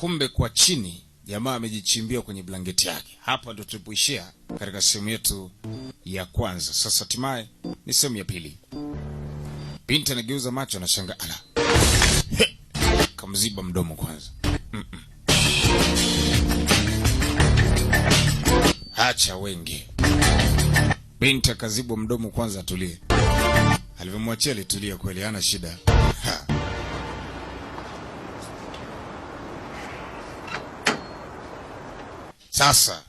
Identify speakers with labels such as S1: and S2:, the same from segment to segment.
S1: kumbe kwa chini jamaa amejichimbia kwenye blanketi yake. Hapa ndo tulipoishia katika sehemu yetu ya kwanza. Sasa hatimaye ni sehemu ya pili. Binti anageuza macho, anashanga ala, kamziba mdomo kwanza. Mm -mm. Acha wengi. Binti akazibwa mdomo kwanza, atulie. Alivyomwachia alitulia kweli, hana shida ha. Sasa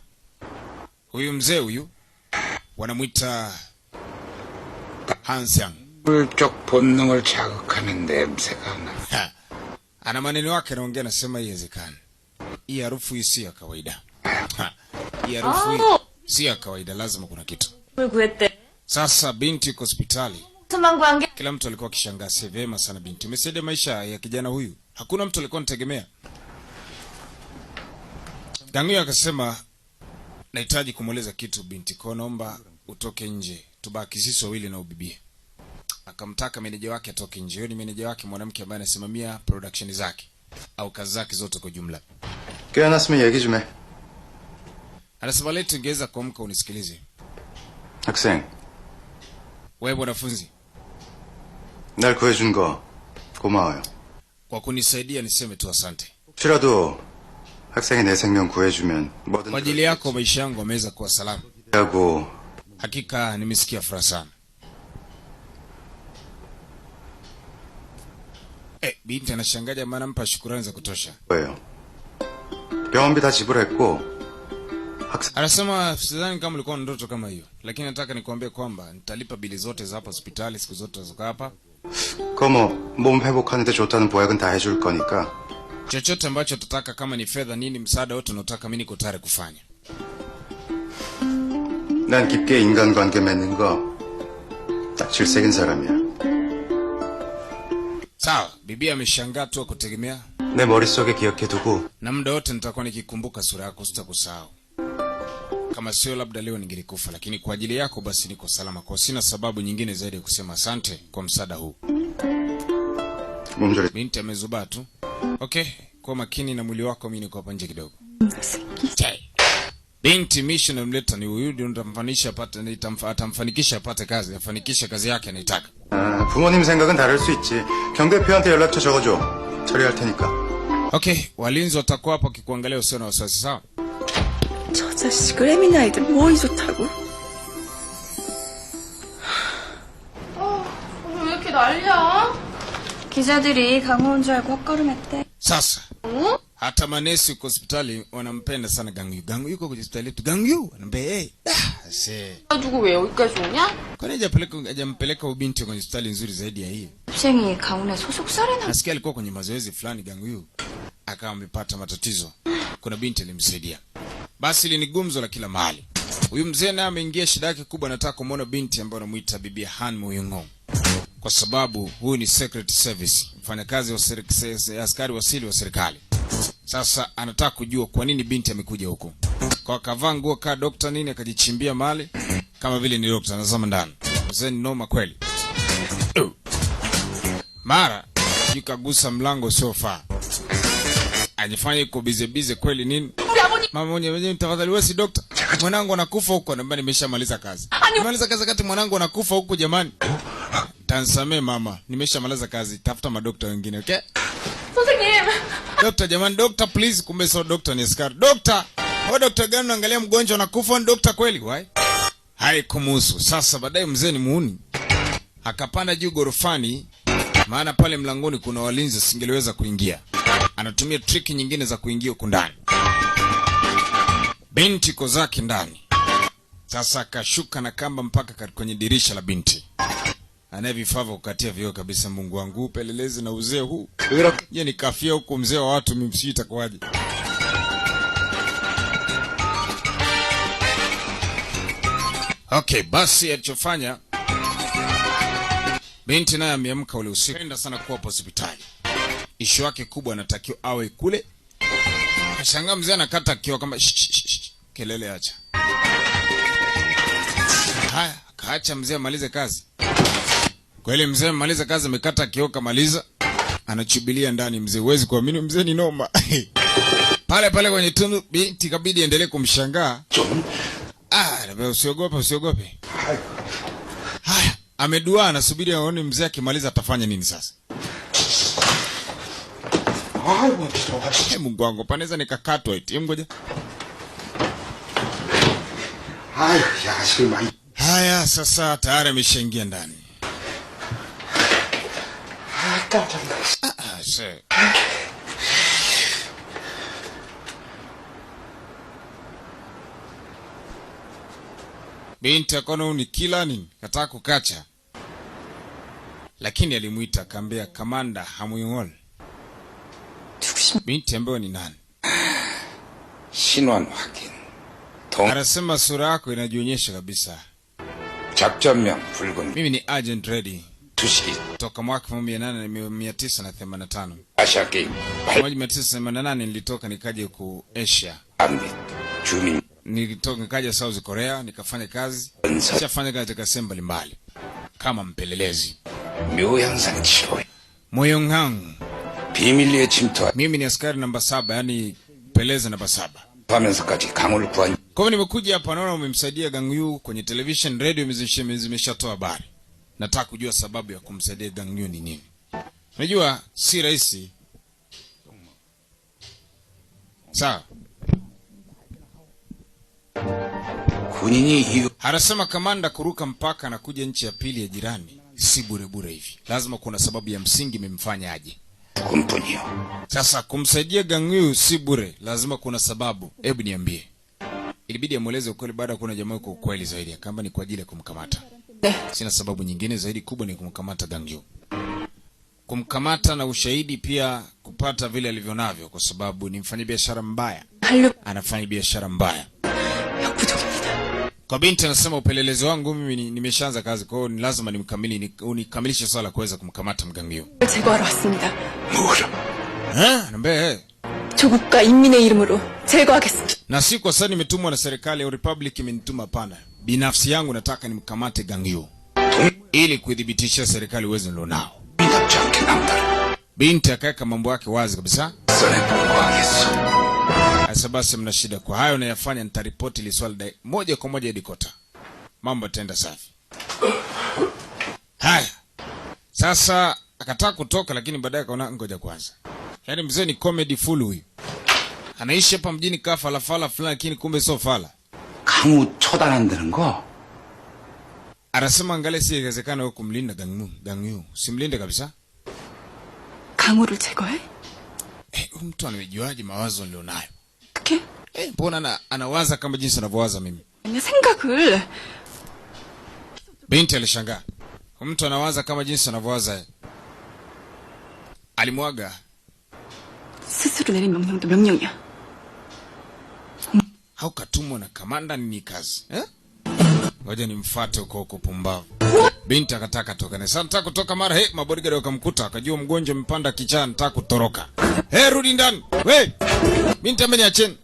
S1: huyu mzee huyu wanamwita Hansyang.
S2: Mulchok 본능을 자극하는 냄새가 나.
S1: Ana maneno yake anaongea, nasema iwezekani. Hii harufu hii si ya kawaida. Hii harufu hii si ya kawaida, lazima kuna kitu. Sasa binti yuko hospitali. Kila mtu alikuwa akishangaa, si vema sana binti. Umesaidia maisha ya kijana huyu. Hakuna mtu alikuwa anategemea. Danguyo akasema, nahitaji kumweleza kitu binti ko, naomba utoke nje, tubaki sisi wawili na ubibie. Akamtaka meneja wake atoke nje. Huyo ni meneja wake mwanamke ambaye anasimamia production zake au kazi zake zote kwa jumla.
S3: nasmi ya kijume.
S1: Anasema leo tungeweza kuamka unisikilize. Aksen. Wewe mwanafunzi.
S3: Nalikuwa jungo. Kumaoyo.
S1: Kwa kunisaidia niseme tu asante.
S3: Shirado 학생이 내 생명 구해주면
S1: 뭐든 kwa ajili yako maisha yangu ameweza kuwa salama. 하고 Hakika nimesikia furaha sana. Eh, binti anashangaa jamaa mpa shukrani za kutosha.
S3: 거예요. 병원비 다 지불했고
S1: Anasema sidhani kama ulikuwa na ndoto kama hiyo, lakini nataka nikuambie kwamba nitalipa bili zote za hapa hospitali siku zote zinazokaa hapa.
S3: 그거 뭐몸 회복하는데 좋다는 보약은 다 해줄 거니까
S1: chochote ambacho tutaka kama ni fedha, nini, msaada wote unaotaka, mi niko tayari kufanya.
S3: kipke ingan kwanke 맺는 거딱 질색인 saramia
S1: Sawa, bibi ameshangaa tu akutegemea.
S3: ne morisoke 기억해 tuku
S1: Na muda wote nitakuwa nikikumbuka sura yako sitakusahau. Kama sio labda leo ningelikufa, lakini kwa ajili yako basi niko salama. Kwa sina sababu nyingine zaidi ya kusema asante kwa msaada huu. Binti amezubaa tu. Okay, kwa makini na mwili wako, mimi niko hapa nje kidogo. Binti mission amleta ni huyu ndio nitamfanisha apate nitamfanikisha apate kazi, afanikishe kazi yake anaitaka.
S3: Uh, 부모님 생각은 다를 수 있지. 경대표한테 연락처 적어 줘. 처리할 테니까.
S1: Okay, walinzi watakuwa hapo kikuangalia usio na wasiwasi sawa?
S4: 저 자식을 해민아이들 뭐 이좋다고.
S5: 기자들이 강호 온줄 알고 헛걸음했대.
S1: Sasa 어? Hm? hata manesi huko hospitali wanampenda sana Gangyu. Gangyu yuko kwenye hospitali yetu. Gangyu anambia hey, eh, ah,
S5: see. 가지고 왜 여기까지 오냐?
S1: Kwani hajampeleka hajampeleka ubinti kwenye hospitali nzuri zaidi ya hii?
S5: 학생이 강훈의 소속사를 na
S1: Nasikia alikuwa kwenye mazoezi fulani Gangyu akawa amepata matatizo. Kuna binti alimsaidia. Basi ili ni gumzo la kila mahali. Huyu mzee naye ameingia shida yake kubwa, anataka kumwona binti ambaye anamuita Bibi Han Muyungo kwa sababu huyu ni secret service, mfanyakazi wa askari wa siri wa serikali. Sasa anataka kujua kwa nini binti amekuja huko, kwa akavaa nguo kaa dokta nini, akajichimbia mali kama vile ni dokta, anazama ndani. Mzee ni noma kweli. Mara yukagusa mlango usiofaa, ajifanya iko bize bize kweli nini. Mama mwenye mwenye, tafadhali wewe si dokta, mwanangu anakufa huko. Naomba nimeshamaliza kazi, nimaliza kazi, kati mwanangu anakufa huko, jamani. Tansamee mama, nimeshamaliza kazi, tafuta madokta wengine, okay? Sasa ni yeye. Dokta jamani, dokta please, kumbe sio dokta ni askari. Dokta, o dokta gani unaangalia mgonjwa na kufa ni dokta kweli? Wai. Haikumuhusu. Sasa baadaye mzee ni muuni. Akapanda juu gorofani maana pale mlangoni kuna walinzi asingeliweza kuingia. Anatumia triki nyingine za kuingia huku ndani. Binti iko zake ndani. Sasa akashuka na kamba mpaka kwenye dirisha la binti anaye vifaa vya kukatia vioo kabisa. Mungu wangu, upelelezi na uzee huu. Je, kafia huko mzee wa watu mimi mimsii itakuwaje? Okay, basi alichofanya binti naye ameamka ule usiku, anaenda sana kuwa hospitali. Ishu yake kubwa anatakiwa awe kule. Ashangaa mzee anakata kioo kama kelele, acha haya, kaacha mzee amalize kazi kwa Kweli mzee maliza kazi amekata kioka maliza. Anachubilia ndani mzee, huwezi kuamini mzee ni noma. Pale pale kwenye tundu binti kabidi endelee kumshangaa. Ah, wewe usiogope, usiogope. Haya, amedua anasubiri aone mzee akimaliza atafanya nini sasa. Haya, Mungu wangu, panaweza nikakatwa eti. Hebu ngoja. Haya, sasa tayari ameshaingia ndani. Kata maisha. Ah, ah, see. Binti akono ni kila nini kataa kukacha, lakini alimwita akaambia, kamanda Hamuyol. Binti ambayo ni nani?
S6: Shinwan Hakin.
S1: Anasema sura yako inajionyesha kabisa. Mimi ni agent ready. Toka mwaka 1985 1988 nilitoka nikaje ku Asia, nilitoka nikaja South Korea nikafanya kazi, nishafanya kazi katika sehemu mbalimbali kama mpelelezi. Moyonghang, mimi ni askari namba saba, yani peleza namba saba. Kwa hivyo nimekuja hapa, naona umemsaidia Gang Yu kwenye television, radio zimeshatoa habari nataka kujua sababu ya kumsaidia Gang Yu ni nini. Unajua si rahisi sawa. Anasema kamanda, kuruka mpaka na kuja nchi ya pili ya jirani si burebure hivi, lazima kuna sababu ya msingi imemfanya aje. Sasa kumsaidia Gang Yu si bure, lazima kuna sababu. Hebu niambie. Ilibidi amweleze ukweli baada ya kuona jamaa yuko ukweli zaidi, akamba ni kwa ajili ya kumkamata. Sina sababu nyingine zaidi kubwa ni kumkamata Gangyu, kumkamata na ushahidi pia kupata vile navyo, kwa sababu ni biashara mbaya, anafanya biashara mbaya. Kwa binti anasema upelelezi wangu mimi nimeshaanza kazi, kwa hiyo ni lazima nimkamili nikamilishe swala la kuweza kumkamata Mgangio. na si kwa sasa nimetumwa na serikali ya Republic imenituma pana Binafsi yangu nataka nimkamate Gangio ili kuidhibitisha serikali uwezo nilionao. Binti akaweka mambo yake wazi kabisa. Sasa basi, mna shida kwa hayo nayafanya, nitaripoti ile swala moja kwa moja edikota, kota, mambo yataenda safi. Haya, sasa akataa kutoka, lakini baadaye akaona ngoja kwanza. Yaani mzee ni comedy full huyu, anaishi hapa mjini kafa kafalafala fulani, lakini kumbe sio fala.
S7: 강우 처단한다는 거.
S1: Anasema ngale siwezekana wewe kumlinda Gangmu, Gangyu. Simlinde kabisa.
S8: 강우를 제거해?
S1: Eh, huyu mtu anajuaje mawazo nilionayo? 그게? Eh, mbona ana, anawaza kama jinsi anavyowaza mimi?
S8: 내 생각을
S1: Binti alishangaa. mtu anawaza kama jinsi anavyowaza yeye. 아리모아가
S8: 스스로 내린 명령도 명령이야
S1: au katumwa na kamanda nini kazi eh? Ngoja nimfuate huko huko pumbavu. Binti akataka toka. na Sasa nataka kutoka mara he mabodigari wakamkuta akajua mgonjwa mpanda kichaa nataka kutoroka. He rudi ndani. We. Binti ameniacheni.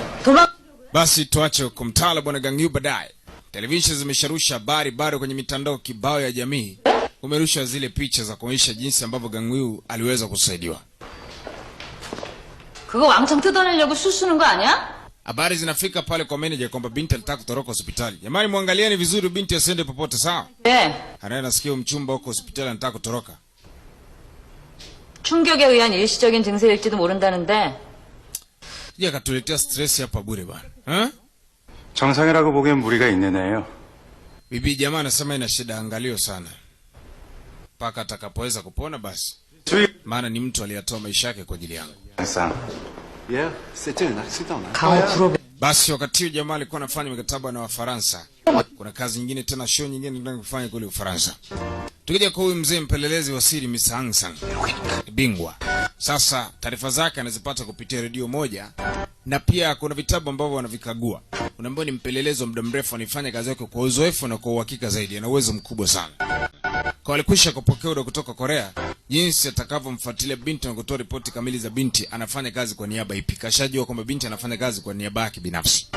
S1: Basi tuache huko mtala bwana Gangiu baadaye. Televisheni zimesharusha habari bado kwenye mitandao kibao ya jamii. Umerusha zile picha za kuonyesha jinsi ambavyo Gangiu aliweza kusaidiwa.
S5: 그거 왕창 뜯어내려고 수수는 거 아니야?
S1: habari zinafika pale kwa manager kwamba binti alitaka kutoroka hospitali. Jamani, mwangalieni vizuri, binti asiende popote, sawa? Yeah. Anaye nasikia mchumba huko hospitali anataka kutoroka.
S5: 충격에 의한 일시적인 증세일지도 모른다는데.
S1: 이제 katuletea stress hapa bure bana. Eh?
S9: 정상이라고 보기엔 무리가 있는 애예요.
S1: Bibi jamaa anasema ina shida, angalio sana Paka atakapoweza kupona basi, maana ni mtu aliyatoa maisha yake kwa ajili yangu. Asante. Oh, basi wakati huu jamaa alikuwa anafanya mikataba na Wafaransa. Kuna kazi nyingine tena, show nyingine ndio kufanya kule Ufaransa. Tukija kwa huyu mzee mpelelezi wa siri Miss Aung San, bingwa sasa. Taarifa zake anazipata kupitia redio moja, na pia kuna vitabu ambavyo wanavikagua. Unaambiwa ni mpelelezi wa muda mrefu, anafanya kazi yake kwa uzoefu na kwa uhakika zaidi, ana uwezo mkubwa sana kwa walikwisha kupokea ule kutoka Korea, jinsi atakavyomfuatilia binti na kutoa ripoti kamili za binti anafanya kazi kwa niaba ipi. Kashajua kwamba binti anafanya kazi kwa niaba yake binafsi,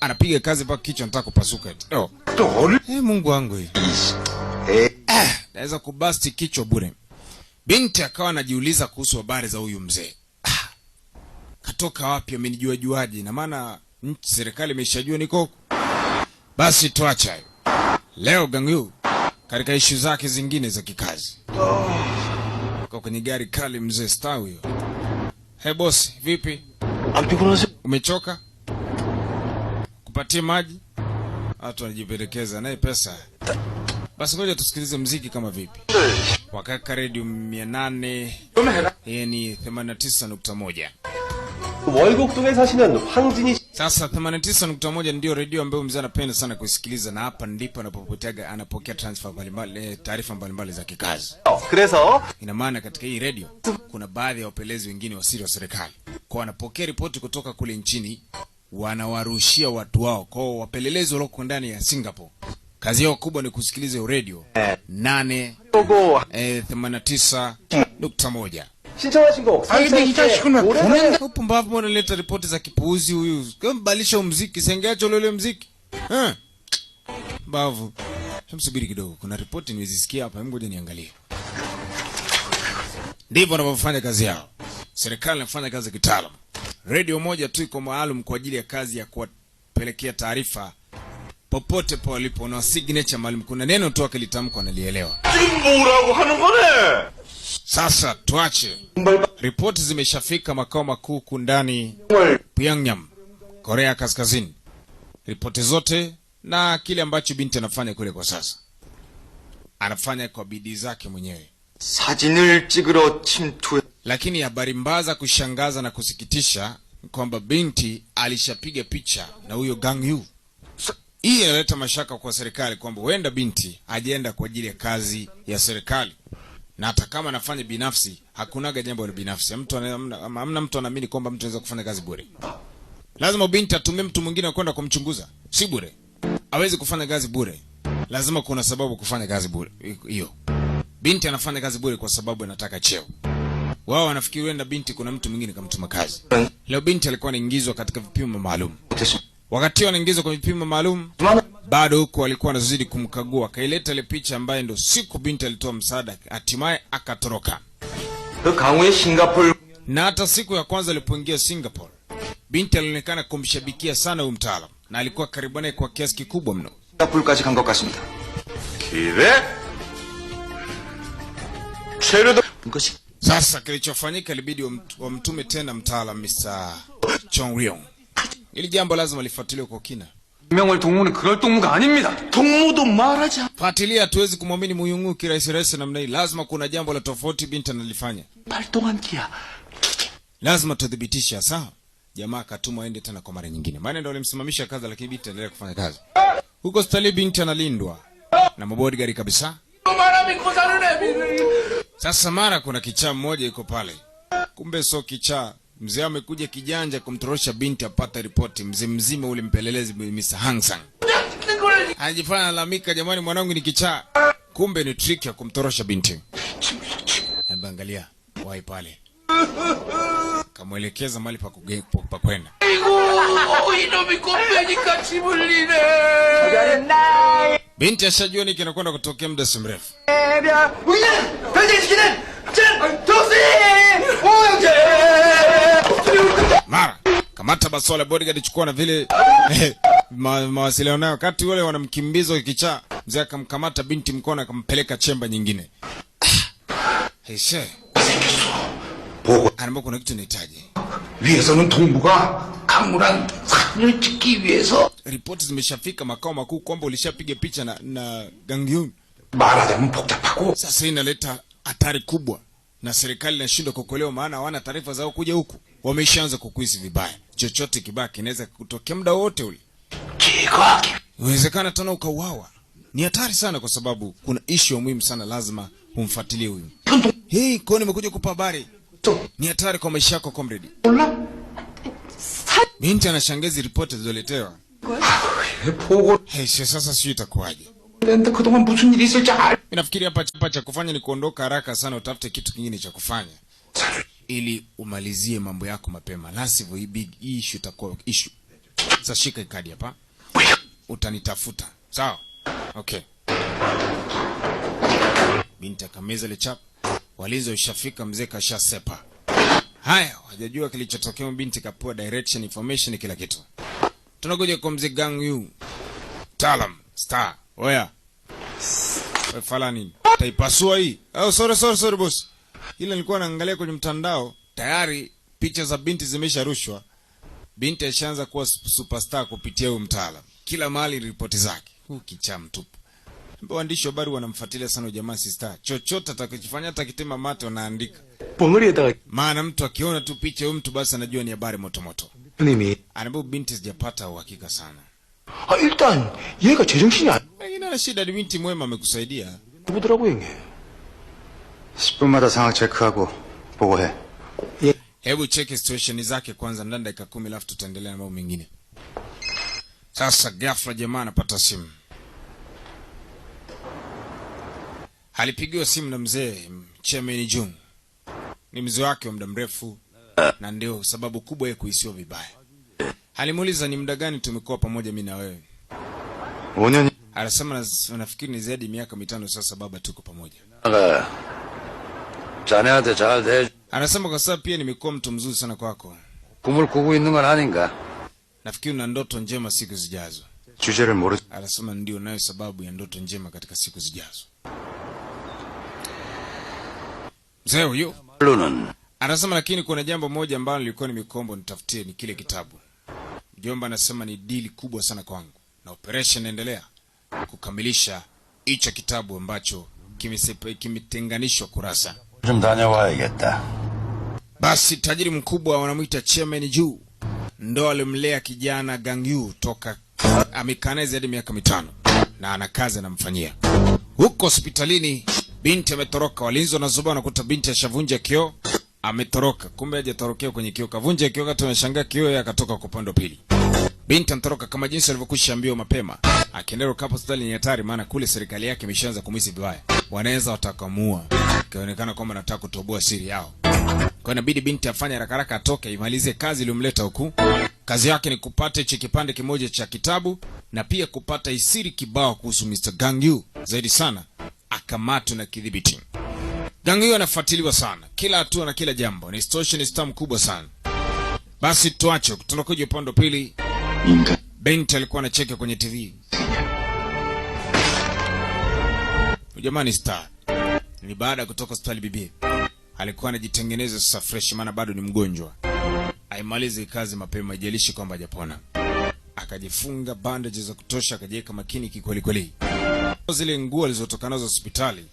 S1: anapiga kazi mpaka kichwa nataka kupasuka eti. Oh. Hey, Mungu wangu hii. Eh, ah, naweza kubasti kichwa bure. Binti akawa anajiuliza kuhusu habari za huyu mzee. Ah. Katoka wapi amenijua juaje? Na maana serikali imeshajua niko. Basi tuacha. Leo gangu katika ishu zake zingine za kikazi. Kwa kwenye gari kali mzee stawi huyo. Hey bosi, vipi? Umechoka? Kupatie maji? Watu wanajipendekeza naye pesa. Basi ngoja tusikilize mziki kama vipi. Wakaka Radio 800 yani 89.1.
S10: 월곡동에 사시는 황진희
S1: sasa 89.1 ndio redio ambayo mzee anapenda sana kusikiliza, na hapa ndipo anapopoteaga anapokea transfer mbalimbali, eh, taarifa mbalimbali za kikazi. Ina maana katika hii redio kuna baadhi ya wapelelezi wengine siri wa serikali, kwa wanapokea ripoti kutoka kule nchini, wanawarushia watu wao. Kwa wapelelezi walioko ndani ya Singapore, kazi yao kubwa ni kusikiliza redio 8 eh, 89.1.
S10: 신청하신 거
S1: 아니 근데 upumbavu mbona leta ripoti za kipuuzi huyu kambalisha umziki sengeacho lole mziki eh. bavu msubiri kidogo kuna ripoti nimezisikia hapa ngoja niangalie ndivyo wanavyofanya kazi yao serikali inafanya kazi kitaalam redio moja tu iko maalum kwa ajili ya kazi ya kuwapelekea taarifa popote palipo na signature maalum kuna neno tu akilitamkwa analielewa sasa tuache ripoti, zimeshafika makao makuu kundani Pyongyang, Korea Kaskazini, ripoti zote na kile ambacho binti anafanya kule kwa sasa, anafanya kwa bidii zake mwenyewe. Lakini habari mbaya za kushangaza na kusikitisha kwamba binti alishapiga picha na huyo Gang Yu. Hii inaleta mashaka kwa serikali kwamba huenda binti hajaenda kwa ajili ya kazi ya serikali na hata kama nafanya binafsi, hakunaga jambo la binafsi. Mtu hamna mtu anaamini kwamba mtu anaweza kufanya kazi bure. Lazima binti atumie mtu mwingine kwenda kumchunguza, si bure. Hawezi kufanya kazi bure, lazima kuna sababu kufanya kazi bure hiyo. Binti anafanya kazi bure kwa sababu anataka cheo. Wao wanafikiri wenda binti kuna mtu mwingine kamtuma kazi. Leo binti alikuwa anaingizwa katika vipimo maalum. Wakati wanaingizwa kwa vipimo maalum, bado huko walikuwa wanazidi kumkagua. Akaileta ile picha ambaye ndo siku binti alitoa msaada, hatimaye akatoroka. Na hata siku ya kwanza alipoingia Singapore, binti alionekana kumshabikia sana huyu mtaalam na alikuwa karibu naye kwa kiasi kikubwa mno. Sasa kilichofanyika, ilibidi wamtume tena mtaalam Mr. Chong Ryong. Ili jambo lazima lifuatiliwe kwa kina.
S10: 명을 동무는 그럴 동무가
S1: Fuatilia, hatuwezi kumwamini Muyungu kirahisi rahisi namna hii. Lazima kuna jambo la tofauti binti analifanya. Lazima tudhibitisha sawa. Jamaa akatuma aende tena kwa mara nyingine. Maana ndio alimsimamisha kazi, lakini binti anaendelea kufanya kazi. Huko Stali binti analindwa na mabodigari kabisa. Sasa mara kuna kichaa mmoja yuko pale. Kumbe sio kichaa Mzee amekuja kijanja kumtorosha binti apata ripoti. Mzee mzima ule mpelelezi Mr. Hangsang anajifanya lalamika, jamani, mwanangu ni kichaa, kumbe ni trick ya kumtorosha binti. Hebu angalia wai pale, kamwelekeza mali pa kwenda binti ashajua ni kinakwenda kutokea muda si mrefu mara kamata basola bodyguard chukua na vile eh, ma, mawasiliano nayo. Wakati wale wanamkimbiza kichaa, mzee akamkamata binti mkono akampeleka chemba nyingine. Aisha. Ah, kuna kitu nahitaji. ripoti zimeshafika makao makuu kwamba ulishapiga picha na, na Gangyun.
S10: 말하자면 복잡하고
S1: inaleta hatari kubwa na serikali inashindwa kuokolewa maana hawana taarifa zao kuja huku wameshaanza kukuizi vibaya. Chochote kibaya kinaweza kutokea muda wote ule, uwezekana tena ukauawa. Ni hatari sana, kwa sababu kuna ishu ya muhimu sana, lazima umfuatilie huyu. Hii kwao nimekuja kupa habari, ni hatari kwa maisha yako komredi. Binti anashangezi ripoti zilizoletewa. Hey, sasa sijui itakuwaje. Nafikiri hapa chapa cha kufanya ni kuondoka haraka sana, utafute kitu kingine cha kufanya ili umalizie mambo yako mapema, la sivyo hii big issue itakuwa issue. Sasa shika kadi hapa, utanitafuta sawa? Okay, binti akameza ile chap, walinzi washafika, mzee kashasepa. Haya, wajajua kilichotokea, binti kapewa direction information, kila kitu. Tunakuja kwa mzee gang yu talam star oya, wewe fala nini, utaipasua hii? Oh, sorry sorry sorry boss ile nilikuwa naangalia kwenye mtandao, tayari picha za binti zimesharushwa. Binti ashaanza kuwa superstar kupitia huyu mtaalam kila mahali ripoti zake, huu kichaa mtupu. Waandishi wa habari wanamfuatilia sana jamaa sista, chochote atakachofanya, hata kitema mate wanaandika, maana mtu akiona tu picha huyu mtu basi anajua ni habari moto moto. Mimi anabu binti sijapata uhakika sana
S10: ha, iltan yega chejengshinya,
S1: lakini ana shida, binti mwema amekusaidia
S10: kudrabu yenge
S9: 10분마다 상황 체크하고 보고해.
S1: 예. 해부 체크 situation zake kwanza ndani dakika 10 alafu tutaendelea na mambo mengine. Sasa ghafla jamaa anapata simu. Alipigiwa simu na mzee Chairman Jung. Ni mzee wake wa muda mrefu na ndio sababu kubwa ya kuhisiwa vibaya. Alimuuliza ni muda gani tumekuwa pamoja mimi na wewe? Anasema nafikiri ni zaidi miaka mitano sasa baba tuko pamoja.
S6: 자네한테 잘 대.
S1: Anasema kwa sababu pia nimekuwa mtu mzuri sana kwako.
S6: 꿈을 꾸고 있는 건 아닌가?
S1: Nafikiri una ndoto njema siku zijazo. 주제를 모르. Anasema ndio nayo sababu ya ndoto njema katika siku zijazo. Mzee huyu. Anasema lakini kuna jambo moja ambalo nilikuwa nimekombo nitafutie ni kile kitabu. Mjomba anasema ni dili kubwa sana kwangu na operation inaendelea kukamilisha hicho kitabu ambacho kimetenganishwa kurasa
S9: 좀 다녀와야겠다.
S1: Basi tajiri mkubwa wanamwita Chairman Juu ndo alimlea kijana Gangyu toka amekanae zaidi miaka mitano na ana kazi anamfanyia huko hospitalini. Binti ametoroka, walinzi wanazoba wanakuta binti ashavunja kioo, ametoroka. Kumbe hajatorokea kwenye kioo, kavunja kioo, kati wanashangaa kioo, akatoka kwa upande pili. Binti anatoroka kama jinsi alivyokwisha ambiwa mapema. Akiendelea kapo hospitali ni hatari, maana kule serikali yake imeshaanza kumhisi vibaya, wanaweza watakamua, ikionekana kwamba nataka kutoboa siri yao. Kwa inabidi binti afanye haraka haraka, atoke imalize kazi iliyomleta huku. Kazi yake ni kupata hicho kipande kimoja cha kitabu na pia kupata isiri kibao kuhusu Mr. Gangyu, zaidi sana akamatwe na kidhibiti. Gangyu anafuatiliwa sana kila hatua na kila jambo, ni stosha, ni stamu kubwa sana. Basi tuache, tunakuja upande wa pili. Bent alikuwa anacheka kwenye TV. Jamani star. Ni baada ya kutoka hospitali bibi. Alikuwa anajitengeneza sasa fresh maana bado ni mgonjwa. Aimalize kazi mapema ijalishi kwamba hajapona. Akajifunga bandages za kutosha akajiweka makini kikweli kweli. Zile nguo alizotoka nazo hospitali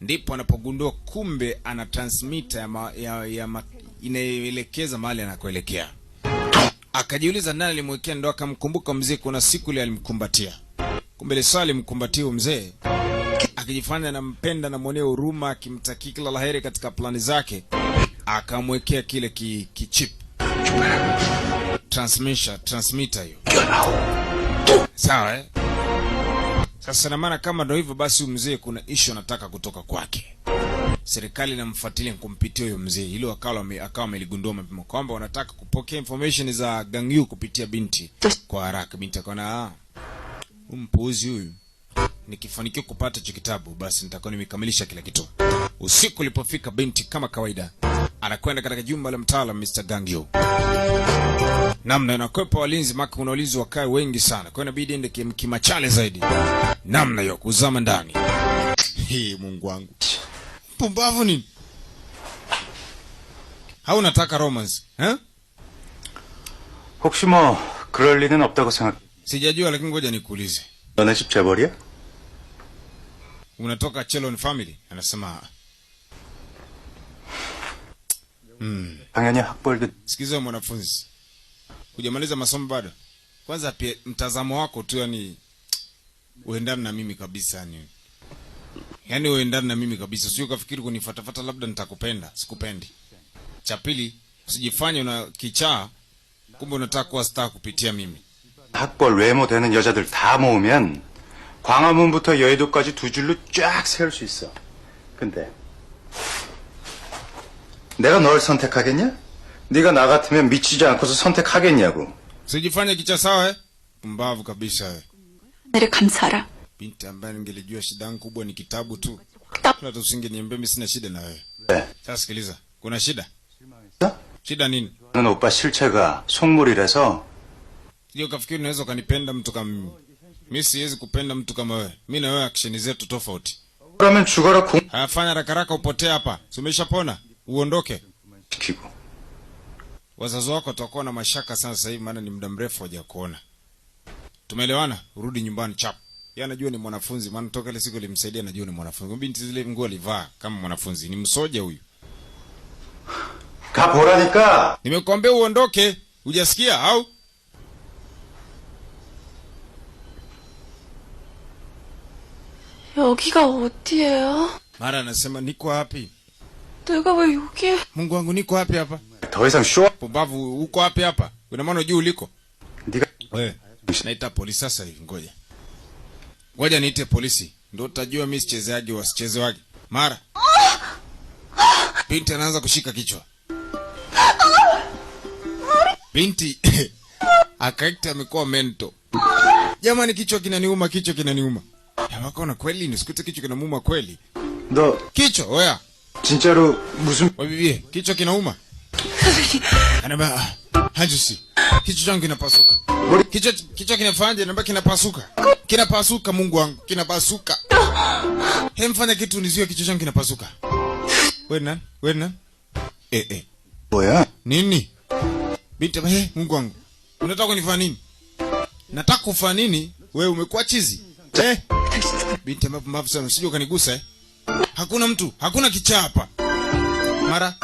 S1: ndipo anapogundua kumbe ana transmitter ya, ma, ya, ya, ma, inayoelekeza mahali anakoelekea. Akajiuliza nani alimwekea ndo akamkumbuka mzee, kuna siku ile alimkumbatia. Kumbe lesa alimkumbatia mzee akijifanya anampenda na mwenye huruma, akimtakia kila laheri katika plani zake, akamwekea kile ki, ki chip transmitter hiyo, sawa eh? Sasa na maana kama ndo hivyo, basi mzee kuna issue anataka kutoka kwake serikali inamfuatilia kumpitia huyo mzee. ili akawa akawa ameligundua mapema kwamba wanataka kupokea information za Gang Yu kupitia binti kwa haraka. Binti akaona ah, mpuuzi huyu, nikifanikiwa kupata hicho kitabu basi nitakuwa nimekamilisha kila kitu. Usiku ulipofika, binti kama kawaida anakwenda katika jumba la mtaalam Mr. Gang namna inakwepa walinzi maka kuna walinzi wakae wengi sana, kwa inabidi ende kimkimachale zaidi namna hiyo kuzama ndani. Hii Mungu wangu pumbavu nini? au nataka romance eh?
S9: 혹시 뭐 그럴 리는 없다고 생각.
S1: Sijajua lakini ngoja nikuulize.
S9: 너네 집 재벌이야?
S1: Unatoka Chelon family? Anasema
S9: Mm. 당연히
S1: Sikiza mwanafunzi. Hujamaliza masomo bado? Kwanza pia mtazamo wako tu yani uendani na mimi kabisa yani. yaani wewe ndani na mimi kabisa sio ukafikiri kunifatafata labda nitakupenda sikupendi cha pili usijifanye una kichaa kumbe unataka kuwa staa kupitia mimi
S9: 학벌 외모 되는 여자들 다 모으면 광화문부터 여의도까지 두 줄로 쫙 세울 수 있어 근데 내가 널 선택하겠냐? 네가 나 같으면 미치지 않고서 선택하겠냐고.
S1: Usijifanye kicha sawa, pumbavu kabisa.
S8: 하늘을 감사하라.
S1: binti ambaye ningelijua shida yangu kubwa ni kitabu tu, tu singe niambie mimi sina shida na wewe. Eh. Sasa sikiliza, kuna shida. Shida nini?
S9: 나는 upa 실체가 songmulireso.
S1: Hiyo kafikiri unaweza kanipenda mtu kama mimi. Mimi siwezi kupenda mtu kama wewe. Mimi na wewe action zetu tofauti.
S9: 그러면 죽어라
S1: 공. Hafanya haraka haraka upotee hapa. Umeshapona? Uondoke. Kikigo. Wazazi wako watakuwa na mashaka sana sasa hivi maana ni muda mrefu hawajakuona. Tumeelewana? Rudi nyumbani chap yeye yaani anajua ni mwanafunzi, maana toka ile siku ilimsaidia, anajua ni mwanafunzi. Binti zile nguo alivaa kama mwanafunzi, ni msoja huyu.
S9: Kaporalika,
S1: nimekuambia uondoke, hujasikia au?
S8: Yogiga odieyo?
S1: Mara anasema niko wapi?
S8: Ndoga wa yuki.
S1: Mungu wangu niko wapi hapa? Taweza show. Pumbavu uko wapi hapa? Una maana juu uliko? Ndika. Wewe. Eh, naita polisi sasa hivi ngoja. Ngoja niite polisi, ndio utajua mimi sichezeaji wa sichezewagi. Mara binti anaanza kushika kichwa, binti akaita amekuwa mento. Jamani, kichwa kinaniuma, kichwa kinaniuma. Yawakona kweli, nisikute kichwa kinamuuma kweli. Ndo kichwa oya,
S9: chincharo musumu
S1: wabibie, kichwa kinauma. Anaba ah, hajusi, kichwa changu kinapasuka, kichwa kichwa kinafanya, anaba kinapasuka Kinapasuka Mungu wangu, kinapasuka. he mfanya kitu nizio kichwa changu kinapasuka. wena wena Wewe nani? Eh eh. Boya. Nini? Bita eh, Mungu wangu. Unataka kunifanya nini? Nataka kufanya nini? Wewe umekuwa chizi. Eh. Binti mbavu mbavu sana, usije ukanigusa eh. Hakuna mtu, hakuna kichaa hapa. Mara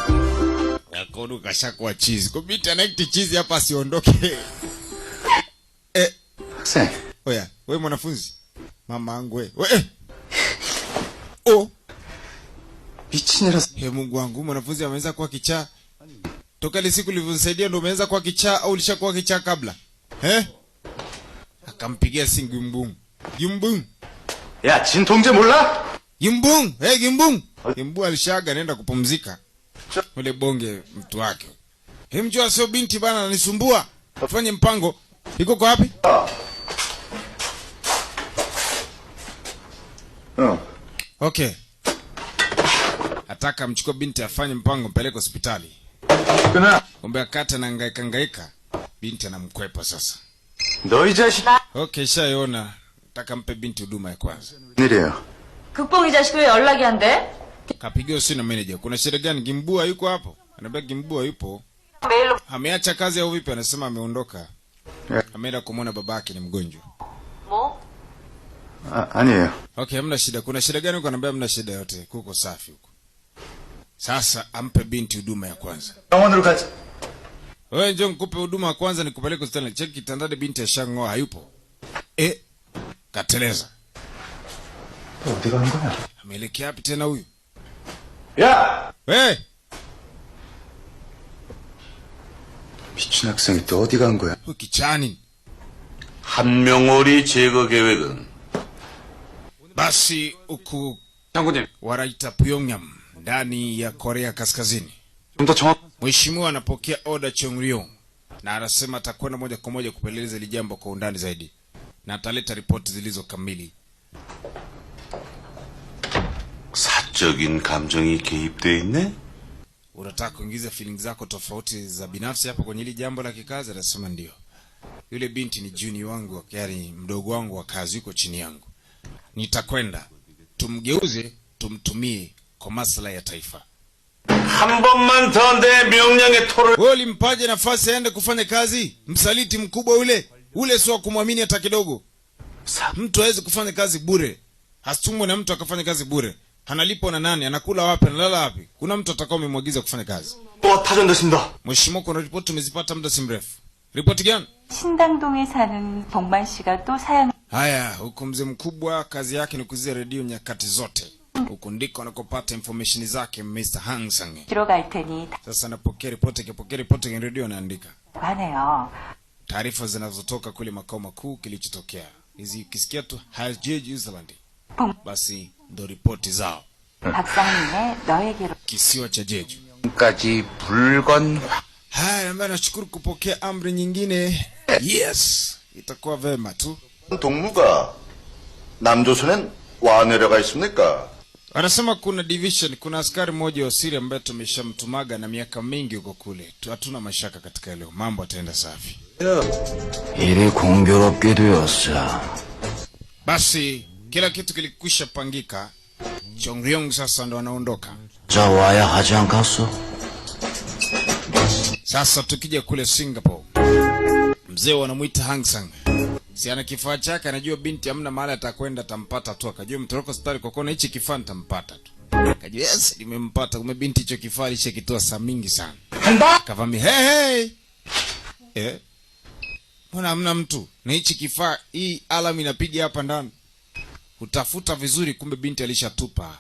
S1: Yakono kashakuwa chizi. Kwa binti anaikiti chizi hapa asiondoke. eh. Sasa Oya, we mwanafunzi. Mama yangu we. Eh. Oh. He Mungu wangu, mwanafunzi ameweza kuwa kichaa. Toka ile siku ulivyosaidia ndio umeanza kuwa kichaa au ulishakuwa kichaa kabla? Eh? Akampigia simu Gimbung. Gimbung.
S9: Ya, Chintongje mola?
S1: Gimbung, hey, Gimbung. Gimbung alishaga nenda kupumzika. Ule bonge mtu wake. Hemjua sio binti bana ananisumbua. Tufanye mpango. Iko kwa wapi? Ah. Oh. Okay, ataka mchukua binti afanye mpango mpeleke hospitali. Kumbe akata na ngaika ngaika, binti anamkwepa sasa. Ndio hiyo. Okay, shaiona. Nataka mpe binti huduma ya kwanza.
S9: Ndio.
S5: Kukpong 이 자식 왜 연락이 안 돼?
S1: na manager. Kuna shida gani? Gimbua yuko hapo? Anambia Gimbua yupo. Ameacha kazi au vipi? Anasema ameondoka. Eh. Ameenda kumwona babake ni mgonjwa ani Aaniyo. Okay, hamna shida. Kuna shida gani? Ukaniambia hamna shida yote. Kuko safi huko. Sasa ampe binti huduma ya kwanza. Wewe njoo nikupe huduma ya kwanza nikupeleke hospitali. Cheki kitandani binti ya ashang'oa hayupo. e kateleza. Oh, Ameelekea wapi tena huyu? Ya! Hey!
S9: 미친 학생이 또 어디 간 거야?
S1: 그 기차니.
S6: 한명오리 제거 계획은
S1: basi huku waraita Pyongyang ndani ya Korea Kaskazini. Mheshimiwa anapokea oda Chongryo na anasema atakwenda moja kwa moja kupeleleza hili jambo kwa undani zaidi na ataleta ripoti zilizo kamili.
S6: Sajogin kamjongi keipde inne
S1: Unataka kuingiza feeling zako tofauti za binafsi hapa kwenye hili jambo la kikazi? Anasema ndio, yule binti ni junior wangu, yaani mdogo wangu wa kazi, yuko chini yangu nitakwenda, tumgeuze, tumtumie kwa maslahi ya taifa. Wewe ulimpaje nafasi aende kufanya kazi? Msaliti mkubwa ule ule, sio kumwamini hata kidogo. Mtu awezi kufanya kazi bure, hasumwe na mtu akafanya kazi bure. analipo na nani? Anakula wapi? Analala wapi? Kuna mtu atakaa umemwagiza kufanya kazi? Mheshimiwa, kuna ripoti umezipata muda si mrefu. Ripoti gani? Haya, huku mzee mkubwa kazi yake ni kuzia redio nyakati zote. Huku ndiko anakopata information zake Mr. Hangsang. Sasa napokea ripoti, kipokea ripoti kwenye redio anaandika. Oh. Taarifa zinazotoka kule makao makuu kilichotokea. Hizi ukisikia tu Hajj Zealand. Basi ndo ripoti zao.
S11: Eh,
S1: Kisiwa cha Jeju.
S6: Kaji bulgon.
S1: Haya, nashukuru kupokea amri nyingine. Yes, itakuwa vema tu.
S6: 동무가 남조선엔 와 내려가 있습니까?
S1: Anasema kuna division, kuna askari mmoja wa siri ambaye tumeshamtumaga na miaka mingi huko kule. Hatuna mashaka katika hilo, mambo ataenda safi.
S6: Ile kongoropke 되었어.
S1: Basi kila kitu kilikwisha pangika. Chongryong sasa ndo anaondoka.
S6: Jawaya hajangaso.
S1: Sasa tukija kule Singapore. Mzee wanamuita Hang Sang. Si ana kifaa chake, anajua binti amna mahali atakwenda, atampata tu, akajua mtoroko stari kwa kuona hichi kifaa nitampata tu. Akajua yes, nimempata kumbe binti hicho kifaa kitoa saa mingi sana. Kavami hey, hey. Eh. Mbona amna mtu? Na hichi kifaa hii alarm inapiga hapa ndani. Utafuta vizuri, kumbe binti alishatupa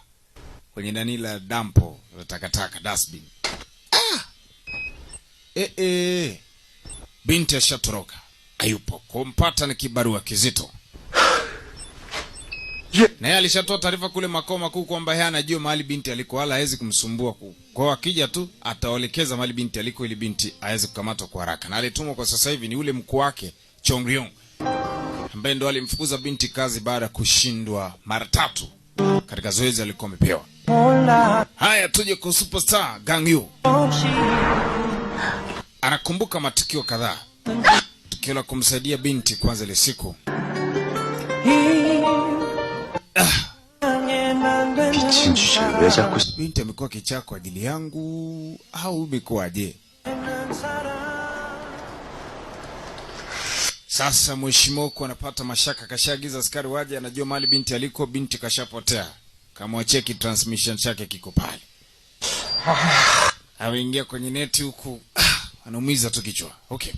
S1: kwenye nani la dampo la takataka dustbin. Ah. Eh, eh. Binti ashatoroka hayupo. Kumpata ni kibarua kizito. Yeah. Na Naye alishatoa taarifa kule makao makuu kwamba yeye anajua mahali binti aliko, wala hawezi kumsumbua ku. Kwa akija tu ataelekeza mahali binti aliko, ili binti aweze kukamatwa kwa haraka. Na alitumwa kwa sasa hivi ni yule mkuu wake Chongryong, ambaye ndo alimfukuza binti kazi baada ya kushindwa mara tatu katika zoezi alikuwa amepewa. Haya, tuje kwa superstar Gang Yu. Anakumbuka matukio kadhaa tukio la kumsaidia binti kwanza ile siku binti amekuwa kichaa kwa ajili yangu au imekuwaje? Sasa mweshimoku anapata mashaka, kashaagiza askari waje, anajua mahali binti aliko. Binti kashapotea, ki transmission chake kiko pale, ameingia kwenye neti huku, anaumiza tu kichwa okay.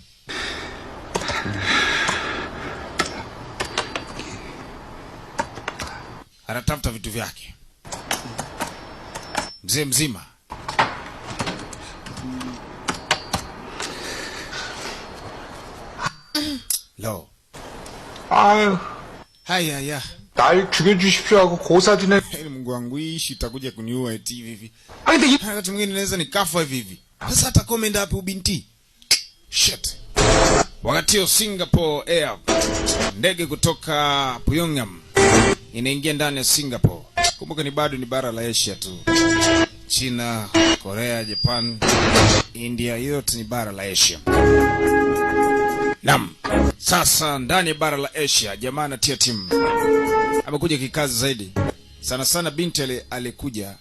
S1: Anatafuta vitu vyake, mzee mzima. Lo, ayo haya ya Mungu wangu ishi itakuja kuniua eti hivi Wakati mwingine naweza nikafa hivi hivi. Sasa atakomenda hapo ubinti. Shit. Wakati wa Singapore Air, ndege kutoka Pyongyang inaingia ndani ya Singapore. Kumbuka ni bado ni bara la Asia tu, China, Korea, Japan, India, yote ni bara la Asia. Naam, sasa ndani ya bara la Asia jamaa anatia timu, amekuja kikazi zaidi. Sana sana binti alikuja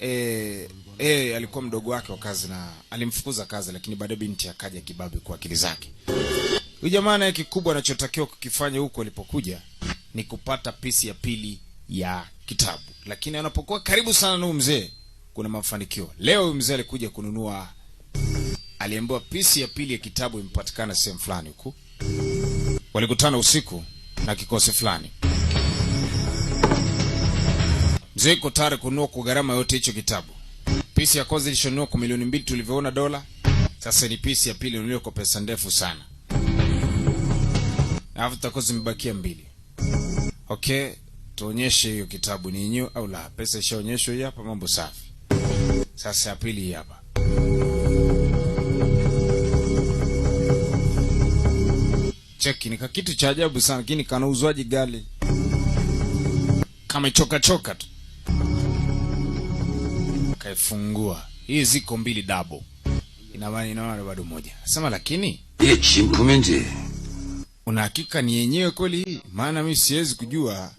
S1: e, yeye eh, alikuwa mdogo wake wa kazi na alimfukuza kazi, lakini baadaye binti akaja kibabe kwa akili zake. Huyu jamaa naye kikubwa anachotakiwa kukifanya huko alipokuja ni kupata pisi ya pili ya kitabu, lakini anapokuwa karibu sana na huyu mzee kuna mafanikio. Leo huyu mzee alikuja kununua, aliambiwa pisi ya pili ya kitabu imepatikana sehemu fulani huko. Walikutana usiku na kikosi fulani mzee iko tayari kununua kwa gharama yote hicho kitabu. Pisi ya kwanza ilishonunua kwa milioni mbili tulivyoona dola. Sasa ni pisi ya pili iliyonunua kwa pesa ndefu sana. Alafu tutakuwa zimebakia mbili. Okay, tuonyeshe hiyo kitabu ni yenyewe au la. Pesa ishaonyeshwa hii hapa, mambo safi. Sasa ya pili hapa. Cheki ni kitu cha ajabu sana, lakini kanauzwaje gari kama choka choka tu akaifungua hii ziko mbili dabo inamaana bado moja. Sema lakini una unahakika ni yenyewe kweli hii? Maana mimi siwezi kujua